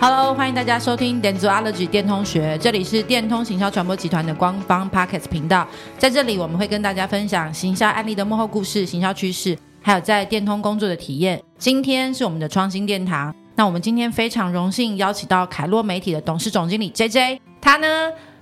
Hello，歡迎大家收聽 Dentsuology 電通學，這裡是電通行銷傳播集團的官方 Podcast 頻道。在這裡，我們會跟大家分享行銷案例的幕後故事、行銷趨勢，還有在電通工作的體驗。今天是我們的創新電堂，那我們今天非常榮幸邀請到凱絡媒體的董事總經理 JJ，他呢？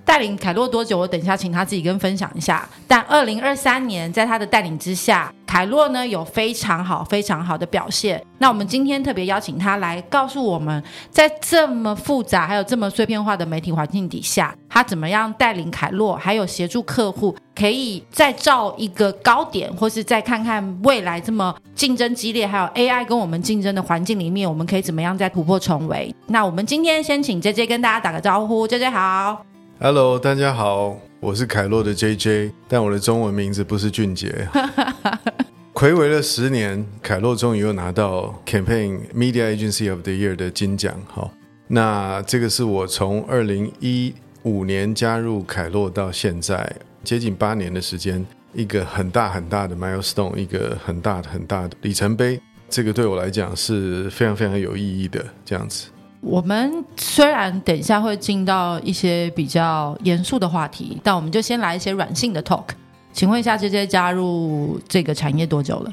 帶領凱絡多久？我等一下請他自己跟分享一下。但二零二三年，在他的帶領之下，凱絡呢有非常好、非常好的表現。那我們今天特別邀請他來，告訴我們在這麼複雜、還有這麼碎片化的媒體環境底下，他怎麼樣帶領凱絡，還有協助客戶，可以再造一個高點，或是再看看未來這麼競爭激烈，還有 AI 跟我們競爭的環境裡面，我們可以怎麼樣再突破重圍？那我們今天先請 JJ 跟大家打個招呼，JJ 好。Hello，大家好，我是凱絡的 JJ，但我的中文名字不是俊傑。哈，哈，哈，哈，睽違了十年，凱絡終於又拿到 Campaign Media Agency of the Year 的金獎。好、哦，那這個是我從二零一五年加入凱絡到現在接近八年的時間，一個很大很大的 milestone，一個很大的很大的里程碑。這個對我來講是非常非常有意義的，這樣子。我們雖然等一下會進到一些比較嚴肅的話題，但我們就先來一些軟性的 talk。請問一下，JJ 加入這個產業多久了？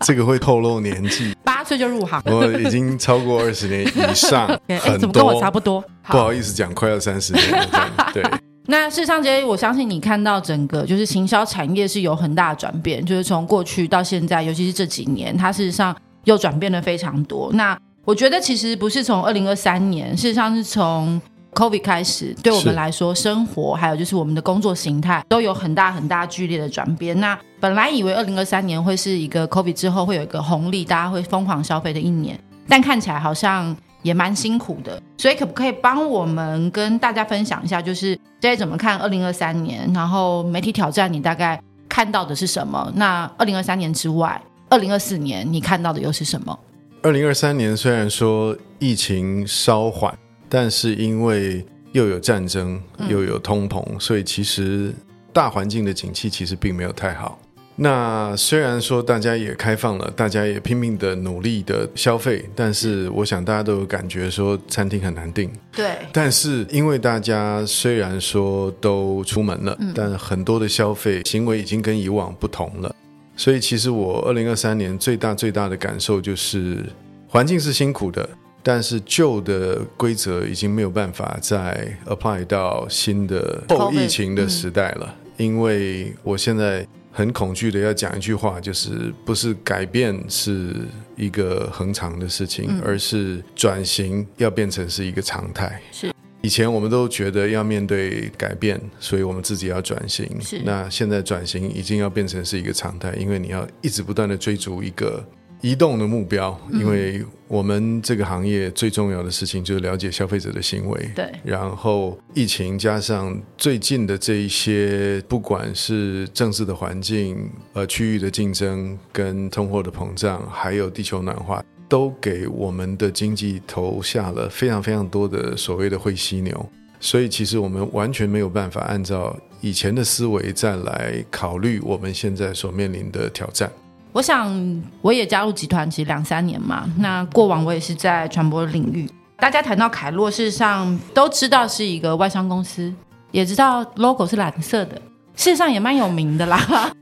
這個會透露年紀？八 歲就入行，我已經超過二十年以上，誒，怎麼跟我差不多。好不好意思講，快要三十年了。對， 那事實上，JJ，我相信你看到整個就是行銷產業是有很大的轉變，就是從過去到現在，尤其是這幾年，它事實上又轉變了非常多。那我覺得其實不是從二零二三年，事實上是從 COVID 開始，對我們來說，是生活還有就是我們的工作形態都有很大很大劇烈的轉變。那本來以為二零二三年會是一個 COVID 之後會有一個紅利，大家會瘋狂消費的一年，但看起來好像也蠻辛苦的。所以可不可以幫我們跟大家分享一下，就是這怎麼看二零二三年？然後媒體挑戰你大概看到的是什麼？那二零二三年之外，二零二四年你看到的又是什麼？二零二三年雖然說疫情稍緩，但是因為又有戰爭，又有通膨，嗯、所以其實大環境的景氣其實並沒有太好。那雖然說大家也開放了，大家也拼命的努力的消費，但是我想大家都有感覺說餐廳很難訂。對。但是因為大家雖然說都出門了，嗯、但很多的消費行為已經跟以往不同了。所以，其實我二零二三年最大最大的感受就是，環境是辛苦的，但是舊的規則已經沒有辦法再 apply 到新的後疫情的時代了。嗯、因為我現在很恐懼的要講一句話，就是不是改變是一個恆常的事情，嗯、而是轉型要變成是一個常態。是。以前我們都覺得要面對改變，所以我們自己要轉型。是那現在轉型已經要變成是一個常態，因為你要一直不斷地追逐一個移動的目標。嗯、因為我們這個行業最重要的事情就是了解消費者的行為。對。然後疫情加上最近的這一些，不管是政治的環境、呃，區域的競爭、跟通貨的膨脹，還有地球暖化。都給我們的經濟投下了非常非常多的所謂的灰犀牛，所以其實我們完全沒有辦法按照以前的思維再來考慮我們現在所面臨的挑戰。我想，我也加入集團其實兩三年嘛，那過往我也是在傳播領域。大家談到凱絡，事實上都知道是一個外商公司，也知道 logo 是藍色的。事實上也蠻有名的啦，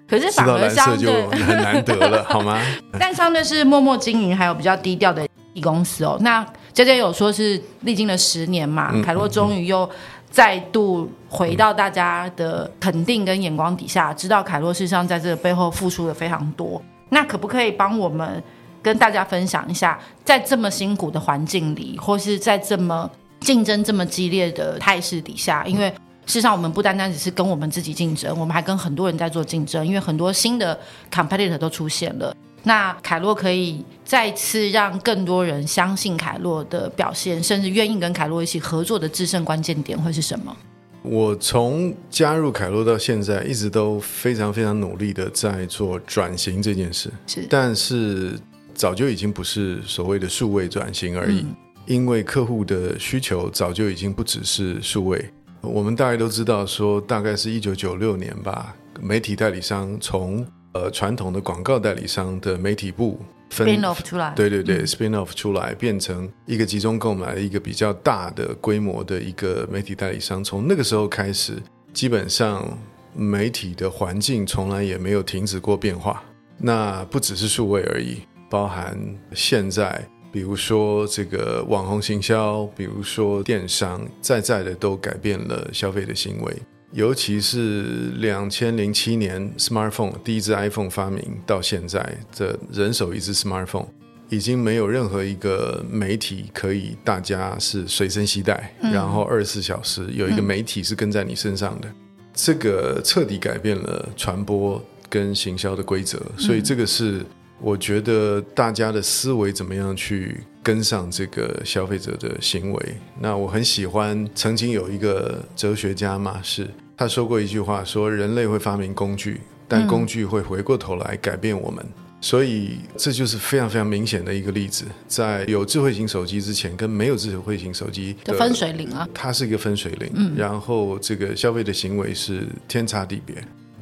可是反而相對難得了， 好嗎？但相對是默默經營，還有比較低調的一公司哦。那姐姐有說是歷經了十年嘛，嗯、凱絡終於又再度回到大家的肯定跟眼光底下，嗯、知道凱絡事實上在這個背後付出了非常多。那可不可以幫我們跟大家分享一下，在這麼辛苦的環境裡，或是在這麼競爭這麼激烈的態勢底下，因為。事實上，我們不單單只是跟我們自己競爭，我們還跟很多人在做競爭。因為很多新的 competitor 都出現了。那凱絡可以再次讓更多人相信凱絡的表現，甚至願意跟凱絡一起合作的制勝關鍵點會是什麼？我從加入凱絡到現在，一直都非常非常努力的在做轉型這件事。是，但是早就已經不是所謂的數位轉型而已，嗯，因為客戶的需求早就已經不只是數位。我們大家都知道，說大概是一九九六年吧，媒體代理商從呃傳統的廣告代理商的媒體部分 spin off 出來，對對對，嗯，spin off 出來，變成一個集中購買、一個比較大的規模的一個媒體代理商。從那個時候開始，基本上媒體的環境從來也沒有停止過變化。那不只是數位而已，包含現在。比如說這個網紅行銷，比如說電商，再再的都改變了消費的行為。尤其是兩千零七年，smartphone 第一支 iPhone 發明到現在，這人手一支 smartphone，已經沒有任何一個媒體可以大家是隨身攜帶，嗯、然後二十四小時有一個媒體是跟在你身上的。嗯、這個徹底改變了傳播跟行銷的規則，嗯、所以這個是。我覺得大家的思維怎麼樣去跟上這個消費者的行為？那我很喜歡曾經有一個哲學家嘛，是他說過一句話說，說人類會發明工具，但工具會回過頭來改變我們，嗯、所以這就是非常非常明顯的一個例子。在有智慧型手機之前，跟沒有智慧型手機的分水嶺啊、呃，它是一個分水嶺。嗯、然後這個消費的行為是天差地別。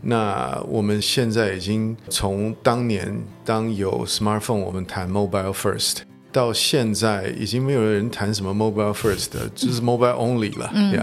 那我們現在已經從當年當有 smartphone，我們談 mobile first，到現在已經沒有人談什麼 mobile first，嗯，就是 mobile only 了，嗯，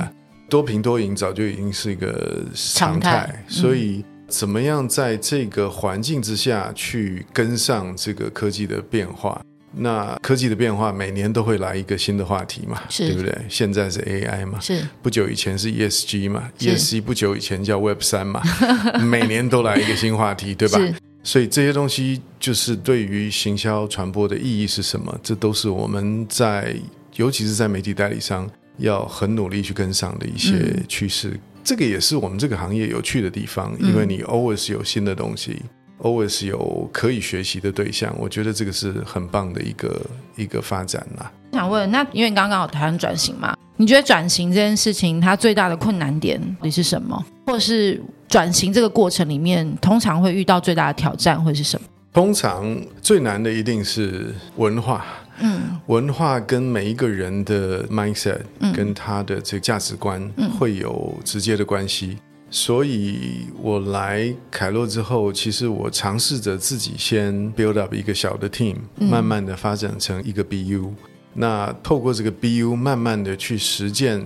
多屏多影早就已經是一個常態，常態，嗯，所以怎麼樣在這個環境之下去跟上這個科技的變化？那科技的變化每年都會來一個新的話題嘛，是對不對？現在是 AI 嘛，是不久以前是 ESG 嘛是，ESG 不久以前叫 Web 三，嘛，是每年都來一個新話題， 對吧？是所以這些東西就是對於行銷傳播的意義是什麼？這都是我們在，尤其是在媒體代理商要很努力去跟上的一些趨勢。嗯、這個也是我們這個行業有趣的地方，嗯、因為你 always 有新的東西。always 有可以學習的對象，我覺得這個是很棒的一個一個發展啦。我想問，那因為你剛剛有談轉型嘛？你覺得轉型這件事情它最大的困難點是什麼？或者是轉型這個過程裡面，通常會遇到最大的挑戰會是什麼？通常最難的一定是文化，嗯，文化跟每一個人的 mindset，、嗯、跟他的這個價值觀、嗯、會有直接的關係。所以，我來凱絡之後，其實我嘗試着自己先 build up 一個小的 team，、嗯、慢慢的發展成一個 BU。那透過這個 BU，慢慢的去實踐，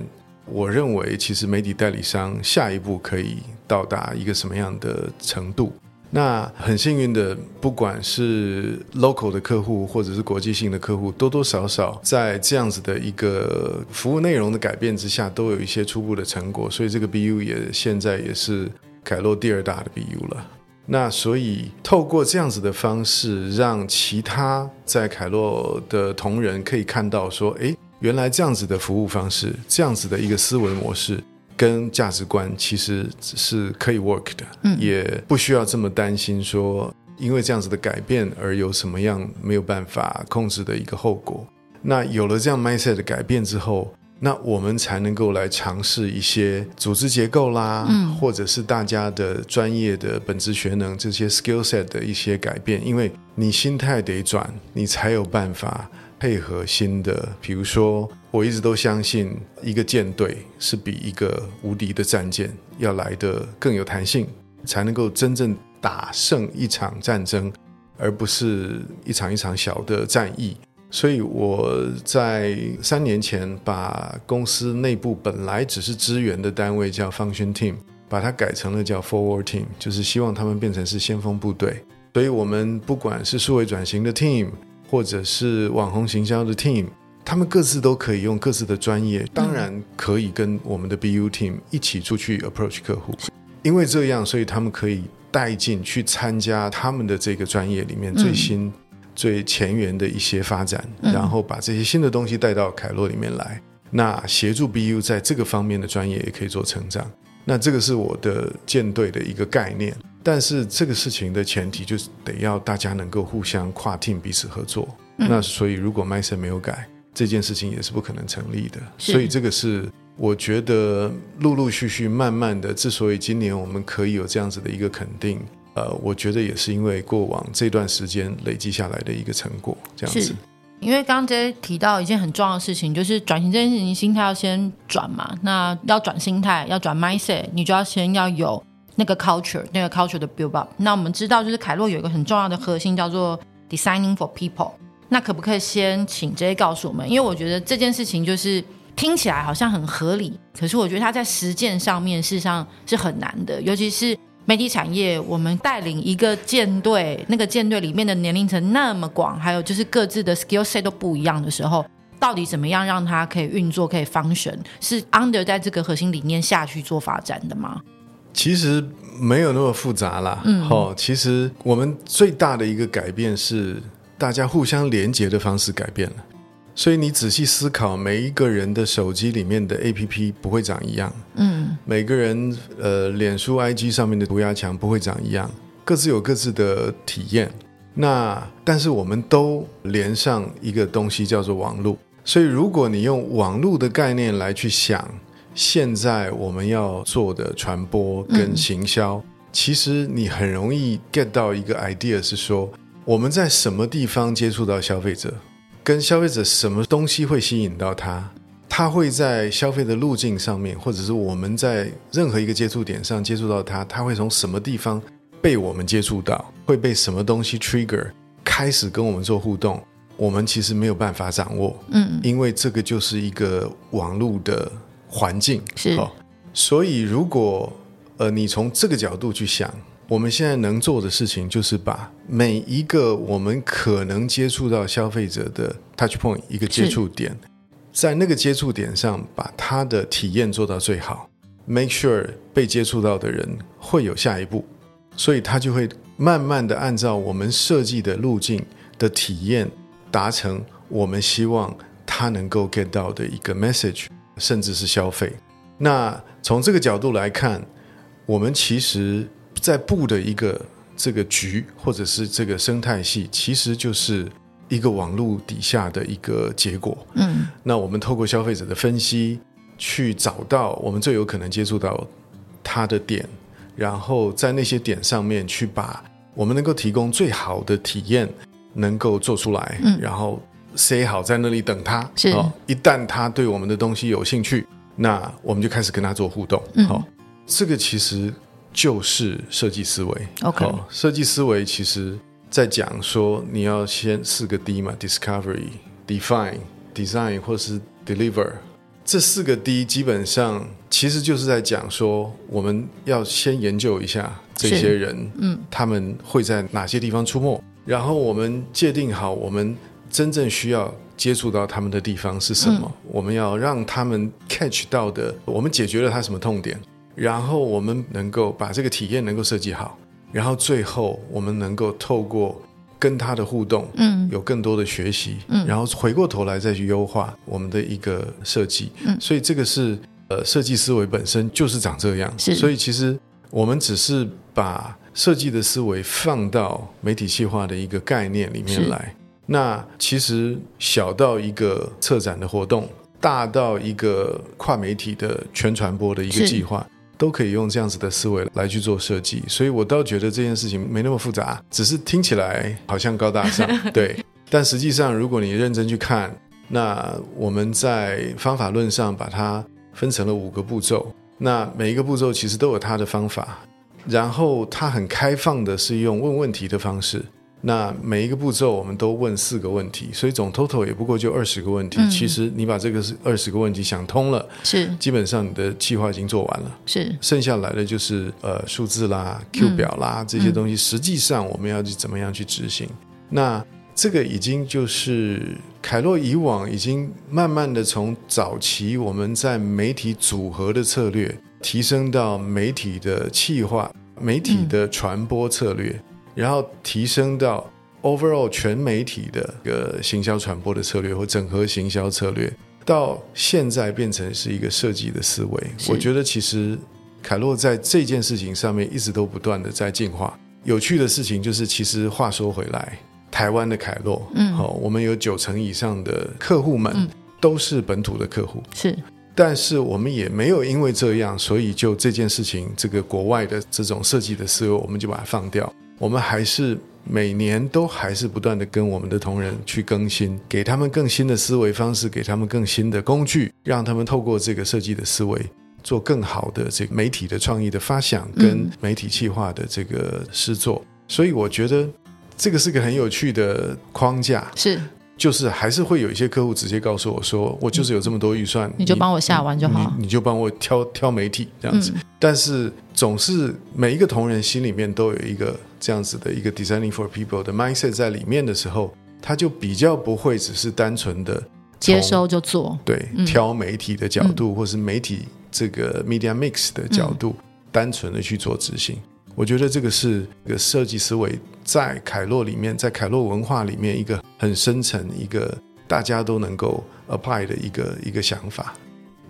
我認為其實媒體代理商下一步可以到達一個什麼樣的程度？那很幸運的，不管是 local 的客戶或者是國際性的客戶，多多少少在這樣子的一個服務內容的改變之下，都有一些初步的成果。所以這個 BU 也現在也是凱絡第二大的 BU 了。那所以透過這樣子的方式，讓其他在凱絡的同仁可以看到說，誒，原來這樣子的服務方式，這樣子的一個思維模式。跟價值觀其實是可以 work 的，嗯、也不需要這麼擔心說因為這樣子的改變而有什麼樣沒有辦法控制的一個後果。那有了這樣 mindset 的改變之後，那我們才能夠來嘗試一些組織結構啦，嗯、或者是大家的專業的本質學能這些 skill set 的一些改變，因為你心態得轉，你才有辦法配合新的，比如說。我一直都相信，一個艦隊是比一個無敵的戰艦要來的更有彈性，才能夠真正打勝一場戰爭，而不是一場一場小的戰役。所以我在三年前把公司內部本來只是支援的單位叫 Function Team，把它改成了叫 Forward Team，就是希望他們變成是先鋒部隊。所以我們不管是數位轉型的 Team，或者是網紅行銷的 Team。他們各自都可以用各自的專業，當然可以跟我們的 BU team 一起出去 approach 客戶，嗯、因為這樣，所以他們可以帶進去參加他們的這個專業裡面最新、嗯、最前沿的一些發展，然後把這些新的東西帶到凱絡裡面來。嗯、那協助 BU 在這個方面的專業也可以做成長。那這個是我的艦隊的一個概念。但是這個事情的前提就是得要大家能夠互相跨 team 彼此合作。嗯、那所以如果麥森沒有改。這件事情也是不可能成立的，是所以這個是我覺得陸陸續續、慢慢的，之所以今年我們可以有這樣子的一個肯定，呃，我覺得也是因為過往這段時間累積下來的一個成果。這樣子，因為剛才提到一件很重要的事情，就是轉型這件事情，心態要先轉嘛，那要轉心態，要轉 mindset，你就要先要有那個 culture，那個 culture 的 build up。那我們知道，就是凱絡有一個很重要的核心叫做 designing for people。那可不可以先請 JJ 告訴我們？因為我覺得這件事情就是聽起來好像很合理，可是我覺得它在實踐上面事實上是很難的。尤其是媒體產業，我們帶領一個艦隊，那個艦隊裡面的年齡層那麼廣，還有就是各自的 skill set 都不一樣的時候，到底怎麼樣讓它可以運作、可以 function？是 under 在這個核心理念下去做發展的嗎？其實沒有那麼複雜啦。嗯，好、哦，其實我們最大的一個改變是。大家互相連接的方式改變了，所以你仔細思考，每一個人的手機裡面的 APP 不會長一樣，嗯，每個人呃，臉書 IG 上面的塗鴉牆不會長一樣，各自有各自的體驗。那但是我們都連上一個東西叫做網絡，所以如果你用網絡的概念來去想，現在我們要做的傳播跟行銷，嗯、其實你很容易 get 到一個 idea 是說。我們在什麼地方接觸到消費者？跟消費者什麼東西會吸引到他？他會在消費的路徑上面，或者是我們在任何一個接觸點上接觸到他，他會從什麼地方被我們接觸到？會被什麼東西 trigger 開始跟我們做互動？我們其實沒有辦法掌握，嗯，因為這個就是一個網絡的環境，是，oh, 所以如果呃，你從這個角度去想。我們現在能做的事情，就是把每一個我們可能接觸到消費者的 touch point 一個接觸點，在那個接觸點上，把他的體驗做到最好，make sure 被接觸到的人會有下一步，所以他就會慢慢的按照我們設計的路徑的體驗，達成我們希望他能夠 get 到的一個 message，甚至是消費。那從這個角度來看，我們其實。在佈的一個這個局，或者是這個生態系，其實就是一個網絡底下的一個結果。嗯，那我們透過消費者的分析，去找到我們最有可能接觸到他的點，然後在那些點上面去把我們能夠提供最好的體驗能夠做出來。嗯，然後塞好在那裡等他。是，一旦他對我們的東西有興趣，那我們就開始跟他做互動。嗯，好，這個其實。就是設計思維。OK，oh，設計思維其實在講說，你要先四個 D 嘛，Discovery、Define、Design 或是 Deliver。這四個 D 基本上其實就是在講說，我們要先研究一下這些人，嗯，他們會在哪些地方出沒，然後我們界定好我們真正需要接觸到他們的地方是什麼，嗯，我們要讓他們 catch 到的，我們解決了他什麼痛點。然後我們能夠把這個體驗能夠設計好，然後最後我們能夠透過跟他的互動，嗯，有更多的學習，嗯，然後回過頭來再去優化我們的一個設計，嗯，所以這個是呃設計思維本身就是長這樣子，是所以其實我們只是把設計的思維放到媒體計劃的一個概念裡面來，是那其實小到一個策展的活動，大到一個跨媒體的全傳播的一個計劃。都可以用這樣子的思維來去做設計，所以我倒覺得這件事情沒那麼複雜，只是聽起來好像高大上， 對。但實際上，如果你認真去看，那我們在方法論上把它分成了五個步驟，那每一個步驟其實都有它的方法，然後它很開放的是用問問題的方式。那每一個步驟，我們都問四個問題，所以總 total 也不過就二十個問題。嗯、其實你把這個是二十個問題想通了，是基本上你的計劃已經做完了，是剩下來的就是呃數字啦、嗯、Q 表啦、這些東西，實際上我們要去怎麼樣去執行？嗯、那這個已經就是凱絡以往已經慢慢的從早期我們在媒體組合的策略，提升到媒體的企劃、媒體的傳播策略。嗯然後提升到 overall 全媒體的一個行銷傳播的策略或整合行銷策略，到現在變成是一個設計的思維。是我覺得其實凱洛在這件事情上面一直都不斷的在進化。有趣的事情就是，其實話說回來，台灣的凱洛，嗯，哦，我們有九成以上的客戶們、嗯、都是本土的客戶，是，但是我們也沒有因為這樣，所以就這件事情這個國外的這種設計的思維，我們就把它放掉。我們還是每年都還是不斷的跟我們的同仁去更新，給他們，更新的思維方式，給他們更新的工具，讓他們透過這個設計的思維做更好的這個媒體的創意的發想跟媒體企劃的這個製作。嗯、所以我覺得這個是個很有趣的框架。是。就是還是會有一些客戶直接告訴我說，我就是有這麼多預算，嗯、你就幫我下完就好。你，你，你就幫我挑挑媒體這樣子。嗯、但是總是每一個同仁心裡面都有一個這樣子的一個 “designing for people” 的 mindset 在裡面的時候，他就比較不會只是單純的接收就做。對，挑媒體的角度，嗯、或是媒體這個 media mix 的角度，嗯、單純的去做執行。我覺得這個是一個設計思維在凱絡裡面，在凱絡文化裡面一個很深層一個大家都能夠 apply 的一個一個想法。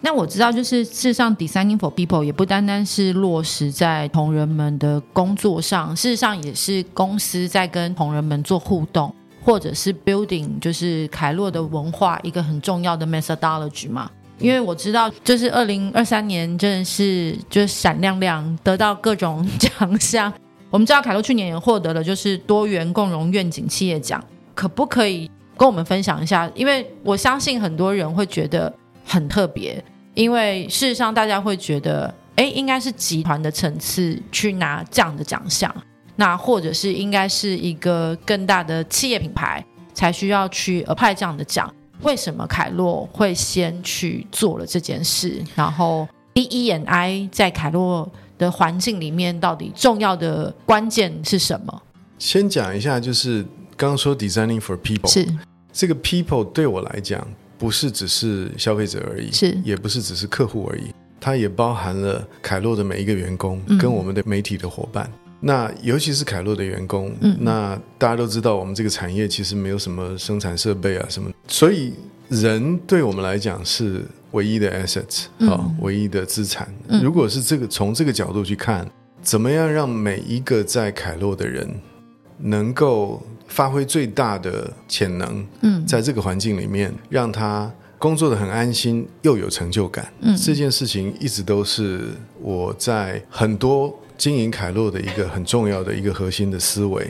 那我知道，就是事實上，designing for people 也不單單是落實在同仁們的工作上，事實上也是公司在跟同仁們做互動，或者是 building 就是凱絡的文化一個很重要的 methodology 嘛。因為我知道，就是二零二三年真的是就閃亮亮得到各種獎項。我們知道凱絡去年也獲得了就是多元共榮願景企業獎，可不可以跟我們分享一下？因為我相信很多人會覺得很特別，因為事實上大家會覺得，哎，應該是集團的層次去拿這樣的獎項，那或者是應該是一個更大的企業品牌才需要去 apply 這樣的獎。為什麼凱洛會先去做了這件事？然後 DE&I 在凱洛的環境裡面，到底重要的關鍵是什麼？先講一下，就是剛剛說 designing for people，是。這個 people 對我來講，不是只是消費者而已，是。也不是只是客戶而已，它也包含了凱洛的每一個員工，嗯、跟我們的媒體的夥伴。那尤其是凱絡的員工，嗯、那大家都知道，我們這個產業其實沒有什麼生產設備啊什麼，所以人對我們來講是唯一的 assets、嗯、唯一的資產。嗯、如果是這個從這個角度去看，怎麼樣讓每一個在凱絡的人能夠發揮最大的潛能？嗯，在這個環境裡面，嗯、讓他工作得很安心又有成就感。嗯，這件事情一直都是我在很多，經營凱絡的一個很重要的一個核心的思維，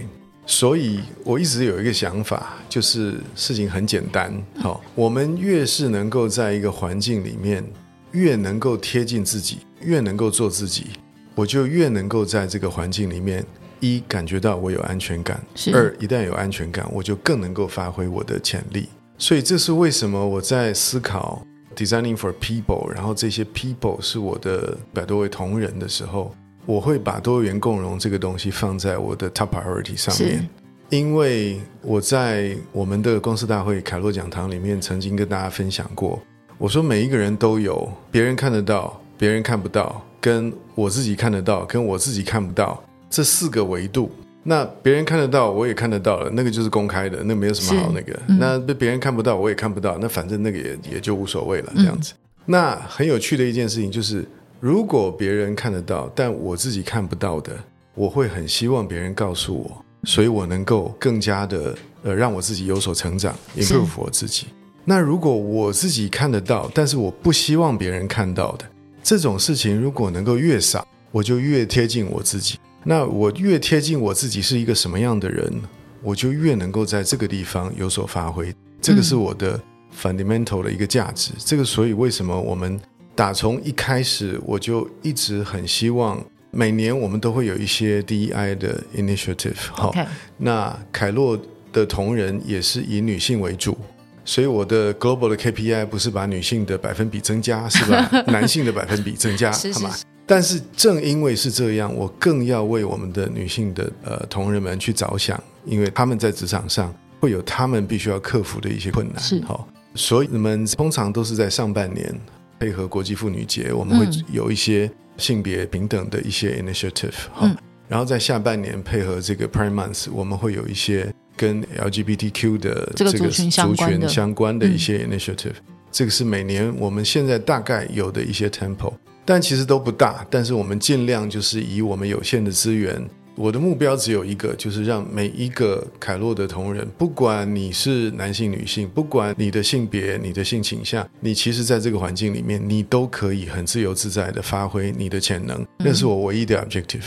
所以我一直有一個想法，就是事情很簡單。嗯、好，我們越是能夠在一個環境裡面，越能夠貼近自己，越能夠做自己，我就越能夠在這個環境裡面，一感覺到我有安全感，是二一旦有安全感，我就更能夠發揮我的潛力。所以這是為什麼我在思考 designing for people，然後這些 people 是我的百多位同仁的時候。我會把多元共融這個東西放在我的 top priority 上面，是因為我在我們的公司大會凱絡講堂裡面曾經跟大家分享過，我說每一個人都有別人看得到、別人看不到，跟我自己看得到、跟我自己看不到這四個維度。那別人看得到，我也看得到了，那個就是公開的，那個、沒有什麼好那個。嗯、那被別人看不到，我也看不到，那反正那個也也就無所謂了這樣子。嗯、那很有趣的一件事情就是。如果別人看得到，但我自己看不到的，我會很希望別人告訴我，所以我能夠更加的呃，讓我自己有所成長，也祝福我自己。那如果我自己看得到，但是我不希望別人看到的，這種事情如果能夠越少，我就越貼近我自己。那我越貼近我自己是一個什麼樣的人，我就越能夠在這個地方有所發揮。這個是我的 fundamental 的一個價值。嗯，這個，所以為什麼我們。打從一開始，我就一直很希望每年我們都會有一些 DEI 的 initiative。好 Okay.、哦，那凱絡的同仁也是以女性為主，所以我的 global 的 KPI 不是把女性的百分比增加，是吧？ 男性的百分比增加，是 嗎？是是是，但是正因為是這樣，我更要為我們的女性的呃同仁們去着想，因為他們在職場上會有他們必須要克服的一些困難。是，好、哦，所以你們通常都是在上半年。配合國際婦女節，我們會有一些性別平等的一些 initiative 哈、嗯。然後在下半年配合這個 Pride Month，我們會有一些跟 LGBTQ 的這個族群相關的相關的一些 initiative。嗯、這個是每年我們現在大概有的一些 temple，但其實都不大。但是我們儘量就是以我們有限的資源。我的目標只有一個，就是讓每一個凱絡的同仁，不管你是男性、女性，不管你的性別、你的性傾向，你其實在這個環境裡面，你都可以很自由自在的發揮你的潛能。那、嗯、是我唯一的 objective。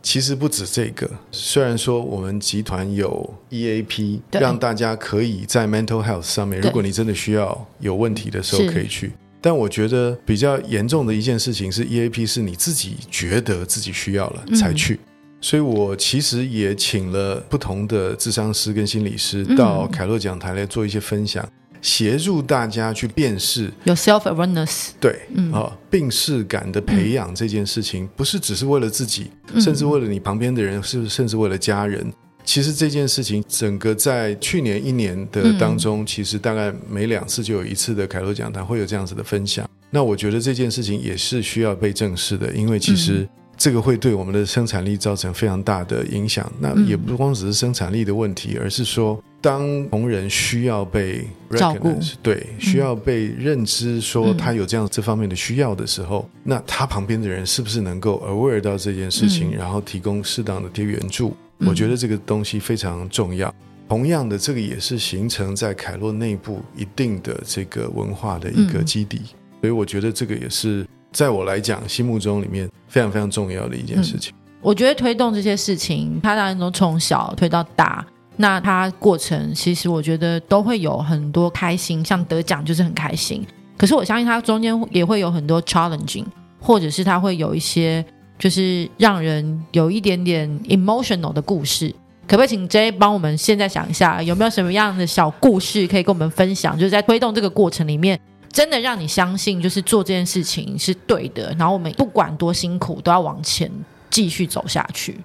其實不止這個，雖然說我們集團有 EAP，對讓大家可以在 mental health 上面，對，如果你真的需要有問題的時候可以去。是但我覺得比較嚴重的一件事情是，EAP 是你自己覺得自己需要了才去。嗯所以，我其實也請了不同的諮商師跟心理師到凱絡講台來做一些分享，嗯、協助大家去辨識 self awareness，對啊、嗯哦，病識感的培養這件事情，嗯、不是只是為了自己，嗯、甚至為了你旁邊的人，是，是甚至為了家人。其實這件事情，整個在去年一年的當中，嗯、其實大概每兩次就有一次的凱絡講台會有這樣子的分享。那我覺得這件事情也是需要被正視的，因為其實、嗯。這個會對我們的生產力造成非常大的影響。那也不光只是生產力的問題，嗯、而是說，當同仁需要被 recognize, 照顧，對，嗯、需要被認知，說他有這樣這方面的需要的時候，嗯、那他旁邊的人是不是能夠 aware 到這件事情，嗯、然後提供適當的貼援助？嗯、我覺得這個東西非常重要。嗯、同樣的，這個也是形成在凱絡內部一定的這個文化的一個基底。嗯、所以，我覺得這個也是。在我來講，心目中裡面非常非常重要的一件事情。嗯，我覺得推動這些事情，它當然從小推到大，那它過程其實我覺得都會有很多開心，像得獎就是很開心。可是我相信它中間也會有很多 challenging，或者是它會有一些就是讓人有一點點 emotional 的故事。可不可以請 JJ 幫我們現在想一下，有沒有什麼樣的小故事可以跟我們分享？就是在推動這個過程裡面。真的讓你相信，就是做這件事情是對的。然後我們不管多辛苦，都要往前繼續走下去。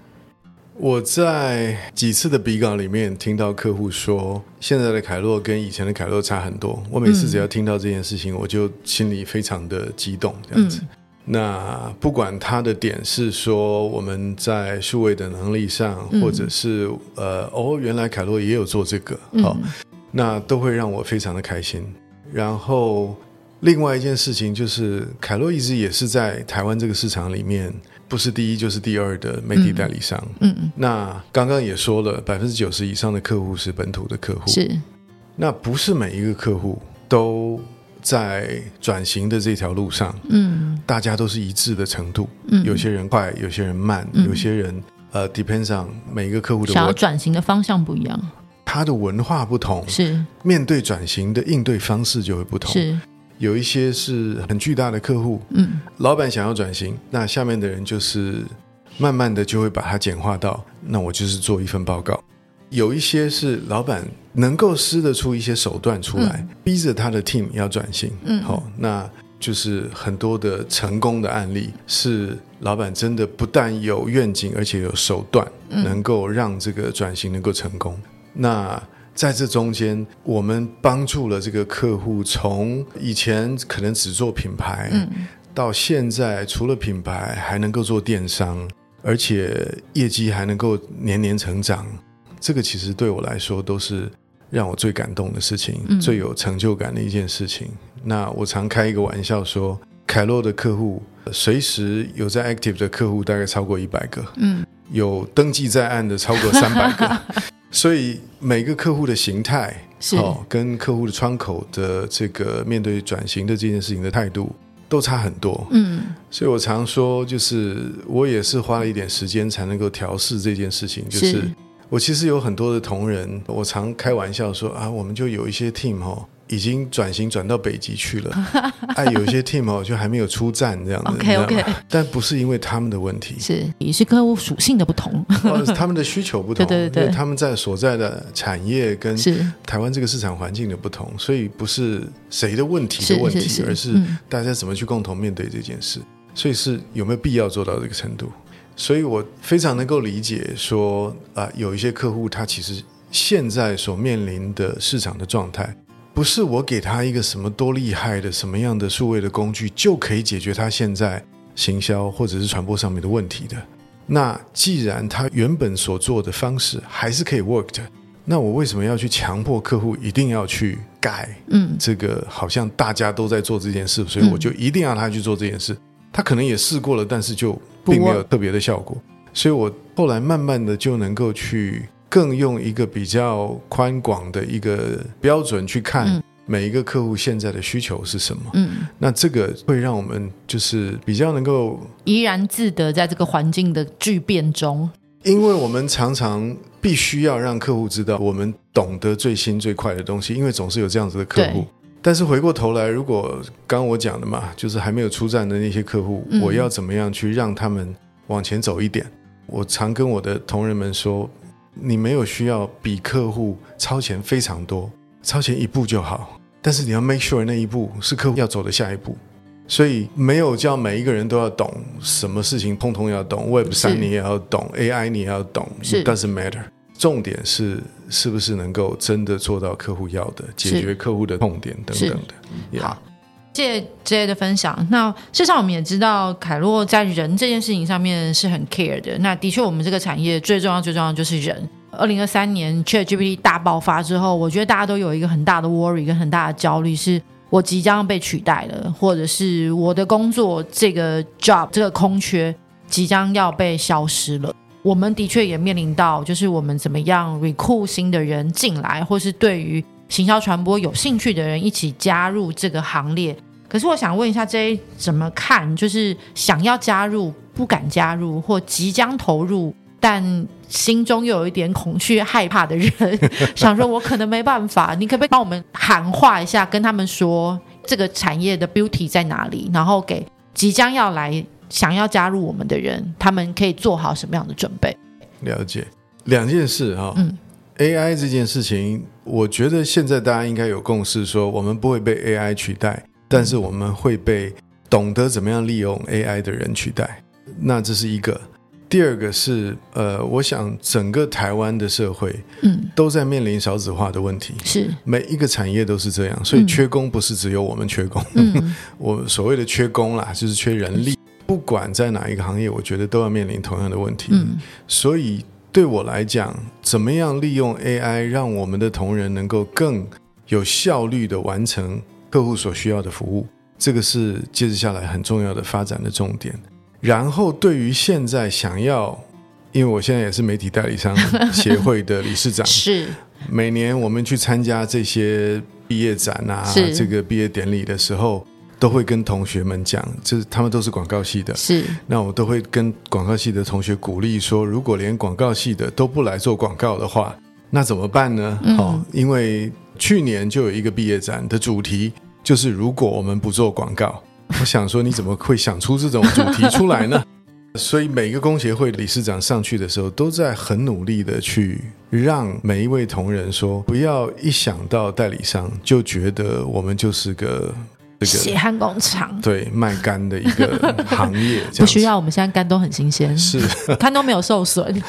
我在幾次的比稿裡面聽到客戶說，現在的凱絡跟以前的凱絡差很多。我每次只要聽到這件事情，嗯、我就心裡非常的激動。這樣子，嗯、那不管他的點是說我們在數位的能力上，或者是、嗯、呃，哦，原來凱絡也有做這個，好、嗯哦，那都會讓我非常的開心。然後，另外一件事情就是，凱絡一直也是在台灣這個市場裡面，不是第一就是第二的媒體代理商。嗯嗯。嗯那剛剛也說了，百分之九十以上的客戶是本土的客戶。是。那不是每一個客戶都在轉型的這條路上。嗯。大家都是一致的程度。嗯。有些人快，有些人慢，嗯、有些人呃、uh,，depends on 每一個客戶的。想要轉型的方向不一樣。嗯他的文化不同，是面對轉型的應對方式就會不同。是，有一些是很巨大的客戶，嗯，老闆想要轉型，那下面的人就是慢慢的就會把它簡化到，那我就是做一份報告。有一些是老闆能夠施得出一些手段出來，嗯、逼着他的 team 要轉型，嗯，好、哦，那就是很多的成功的案例是老闆真的不但有願景，而且有手段，能夠讓這個轉型能夠成功。嗯那在這中間，我們幫助了這個客戶從以前可能只做品牌，嗯、到現在除了品牌還能夠做電商，而且業績還能夠年年成長。這個其實對我來說都是讓我最感動的事情，嗯、最有成就感的一件事情。那我常開一個玩笑說，凱絡的客戶隨時有在 active 的客戶大概超過一百個，嗯，有登記在案的超過三百個。 所以每個客戶的形態是、哦，跟客戶的窗口的這個面對轉型的這件事情的態度都差很多。嗯，所以我常說，就是我也是花了一點時間才能夠調試這件事情。就是我其實有很多的同仁，我常開玩笑說啊，我們就有一些 team、哦已經轉型轉到北極去了，哎、 啊，有一些 team 就還沒有出站這樣子。OK OK， 但不是因為他們的問題，是也是客戶屬性的不同， 或者是他們的需求不同，對對對，因為他們在所在的產業跟台灣這個市場環境的不同，是所以不是誰的問題的問題，是是是是而是大家怎麼去共同面對這件事。嗯、所以是有沒有必要做到這個程度？所以我非常能夠理解說啊、呃，有一些客戶他其實現在所面臨的市場的狀態。不是我給他一個什麼多厲害的、什麼樣的數位的工具就可以解決他現在行銷或者是傳播上面的問題的。那既然他原本所做的方式還是可以 work 的，那我為什麼要去強迫客戶一定要去改？嗯，這個好像大家都在做這件事，所以我就一定要他去做這件事。他可能也試過了，但是就並沒有特別的效果。所以我後來慢慢的就能夠去。更用一個比較寬廣的一個標準去看每一個客戶現在的需求是什麼，嗯，那這個會讓我們就是比較能夠怡然自得在這個環境的巨變中，因為我們常常必須要讓客戶知道我們懂得最新最快的東西，因為總是有這樣子的客戶。對但是回過頭來，如果剛剛我講的嘛，就是還沒有出站的那些客戶，嗯，我要怎麼樣去讓他們往前走一點？我常跟我的同仁們說。你沒有需要比客戶超前非常多，超前一步就好。但是你要 make sure 那一步是客戶要走的下一步。所以沒有叫每一個人都要懂什麼事情，通通要懂 Web 3< 是>你也要懂 AI 你也要懂是，It doesn't matter。重點是是不是能夠真的做到客戶要的，解決客戶的痛點等等的。Yeah. 好。謝這些的分享，那事實上我們也知道，凱洛在人這件事情上面是很 care 的。那的確，我們這個產業最重要、最重要的就是人。二零二三年 ChatGPT 大爆發之後，我覺得大家都有一個很大的 worry 跟很大的焦慮，是我即將被取代了，或者是我的工作這個 job 這個空缺即將要被消失了。我們的確也面臨到，就是我們怎麼樣 recruit 新的人進來，或是對於行銷傳播有興趣的人一起加入這個行列。可是我想問一下，JJ 怎麼看？就是想要加入、不敢加入或即將投入，但心中又有一點恐懼、害怕的人， 想說“我可能沒辦法”，你可不可以幫我們喊話一下，跟他們說這個產業的 beauty 在哪裡？然後給即將要來、想要加入我們的人，他們可以做好什麼樣的準備？了解兩件事哈、哦，嗯，AI 這件事情，我覺得現在大家應該有共識說，說我們不會被 AI 取代。但是我們會被懂得怎麼樣利用 AI 的人取代，那這是一個。第二個是，呃，我想整個台灣的社會，嗯，都在面臨少子化的問題，是、嗯、每一個產業都是這樣，所以缺工不是只有我們缺工。嗯、 我所謂的缺工啦，就是缺人力，嗯、不管在哪一個行業，我覺得都要面臨同樣的問題。嗯、所以對我來講，怎麼樣利用 AI 讓我們的同仁能夠更有效率地完成客戶所需要的服務，這個是接着下來很重要的發展的重點。然後，對於現在想要，因為我現在也是媒體代理商協會的理事長， 是每年我們去參加這些畢業展啊，是這個畢業典禮的時候，都會跟同學們講，這他們都是廣告系的，是那我都會跟廣告系的同學鼓勵說，如果連廣告系的都不來做廣告的話。那怎麼辦呢？嗯，哦，因為去年就有一個畢業展的主題，就是如果我們不做廣告，我想說你怎麼會想出這種主題出來呢？ 所以每一個工協會理事長上去的時候，都在很努力的去讓每一位同仁說，不要一想到代理商就覺得我們就是個這個血汗工廠，對賣肝的一個行業， 不需要，我們現在肝都很新鮮，是肝都沒有受損。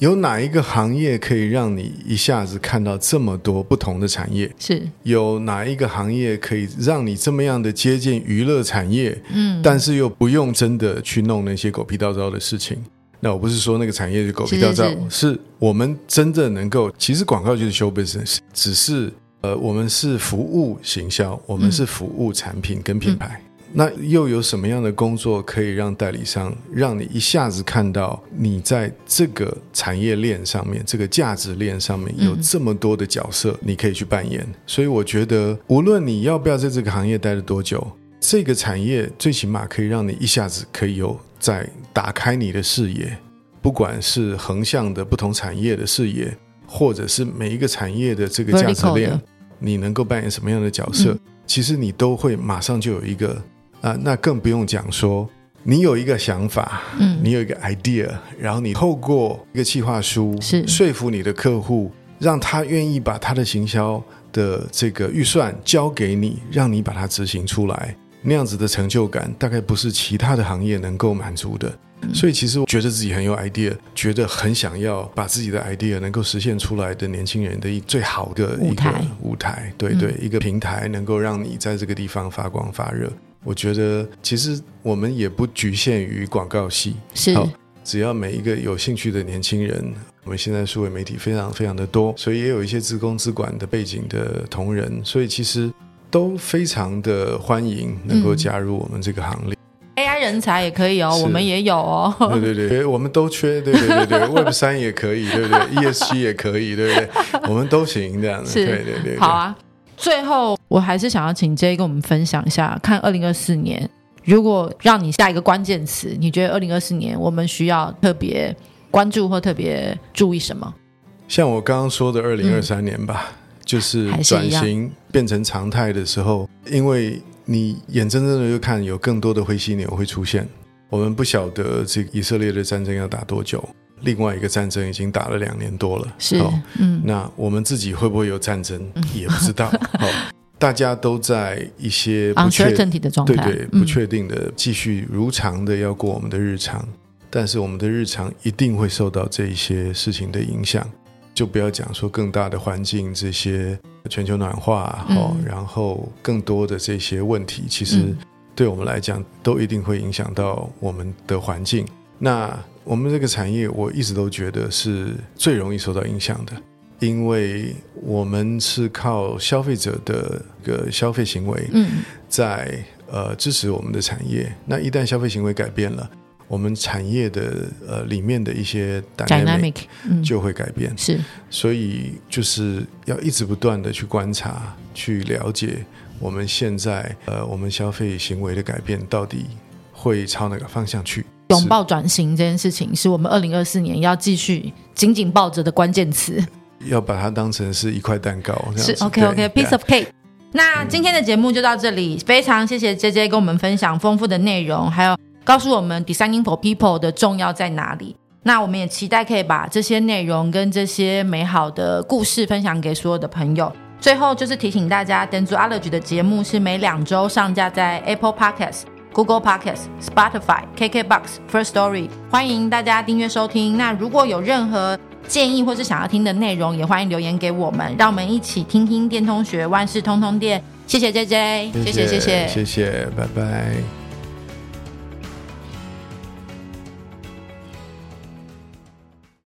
有哪一個行業可以讓你一下子看到這麼多不同的產業？是。有哪一個行業可以讓你這麼樣的接近娛樂產業？嗯。但是又不用真的去弄那些狗屁倒灶的事情。那我不是說那個產業就是狗屁倒灶，是，是，是，是我們真的能夠。其實廣告就是 show business，只是呃，我們是服務行銷，我們是服務產品跟品牌。嗯嗯嗯。那又有什麼樣的工作可以讓代理商讓你一下子看到你在這個產業鏈上面，這個價值鏈上面有這麼多的角色，你可以去扮演？嗯、所以我覺得，無論你要不要在這個行業待了多久，這個產業最起碼可以讓你一下子可以有在打開你的視野，不管是橫向的不同產業的視野，或者是每一個產業的這個價值鏈，你能夠扮演什麼樣的角色，嗯、其實你都會馬上就有一個。啊、呃，那更不用講說，說你有一個想法，嗯，你有一個 idea，然後你透過一個計劃書，是說服你的客戶，讓他願意把他的行銷的這個預算交給你，讓你把它執行出來，那樣子的成就感，大概不是其他的行業能夠滿足的。嗯、所以，其實我覺得自己很有 idea，覺得很想要把自己的 idea 能夠實現出來的年輕人的一最好的一個舞台，對舞台對，對嗯、一個平台，能夠讓你在這個地方發光發熱。我覺得其實我們也不局限於廣告系，是，只要每一個有興趣的年輕人，我們現在數位媒體非常非常的多，所以也有一些資工資管的背景的同仁，所以其實都非常的歡迎能夠加入我們這個行列。AI 人才也可以哦，我們也有哦。對對對，我們都缺。對對對對，對 ，Web3 也可以，對對， ESG 也可以，對對， 我們都行這樣的。是對對對，好啊。最後，我還是想要請 JJ 跟我們分享一下，看二零二四年，如果讓你下一個關鍵詞，你覺得二零二四年我們需要特別關注或特別注意什麼？像我剛剛說的，二零二三年吧，嗯、就是轉型是變成常態的時候，因為你眼睜睜的就看有更多的灰犀牛會出現，我們不曉得這個以色列的戰爭要打多久。另外一個戰爭已經打了兩年多了，是，哦、嗯，那我們自己會不會有戰爭也不知道。好、嗯 哦，大家都在一些不確定的狀態，對對，嗯、不確定的，繼續如常的要過我們的日常，嗯、但是我們的日常一定會受到這一些事情的影響。就不要講說更大的環境，這些全球暖化、啊嗯哦、然後更多的這些問題，其實對我們來講、嗯、都一定會影響到我們的環境。那我們這個產業，我一直都覺得是最容易受到影響的，因為我們是靠消費者的一個消費行為，在呃支持我們的產業。那一旦消費行為改變了，我們產業的呃裡面的一些 dynamic 就會改變。是，所以就是要一直不斷的去觀察、去了解，我們現在呃我們消費行為的改變到底會朝哪個方向去。擁抱轉型這件事情，是我們二零二四年要繼續緊緊抱着的關鍵詞。要把它當成是一塊蛋糕，是 OK OK 對 piece of cake、嗯。那今天的節目就到這裡，非常謝謝 JJ 跟我們分享豐富的內容，還有告訴我們 Designing for people 的重要在哪裡。那我們也期待可以把這些內容跟這些美好的故事分享給所有的朋友。最後就是提醒大家 Dentsuology 的節目是每兩周上架在 Apple Podcast。Google Podcasts、Spotify、KKBox、First Story，歡迎大家訂閱收聽。那如果有任何建議或是想要聽的內容，也歡迎留言給我們，讓我們一起聽聽電通學，萬事通通電。謝謝 JJ，謝謝謝謝謝謝，拜拜。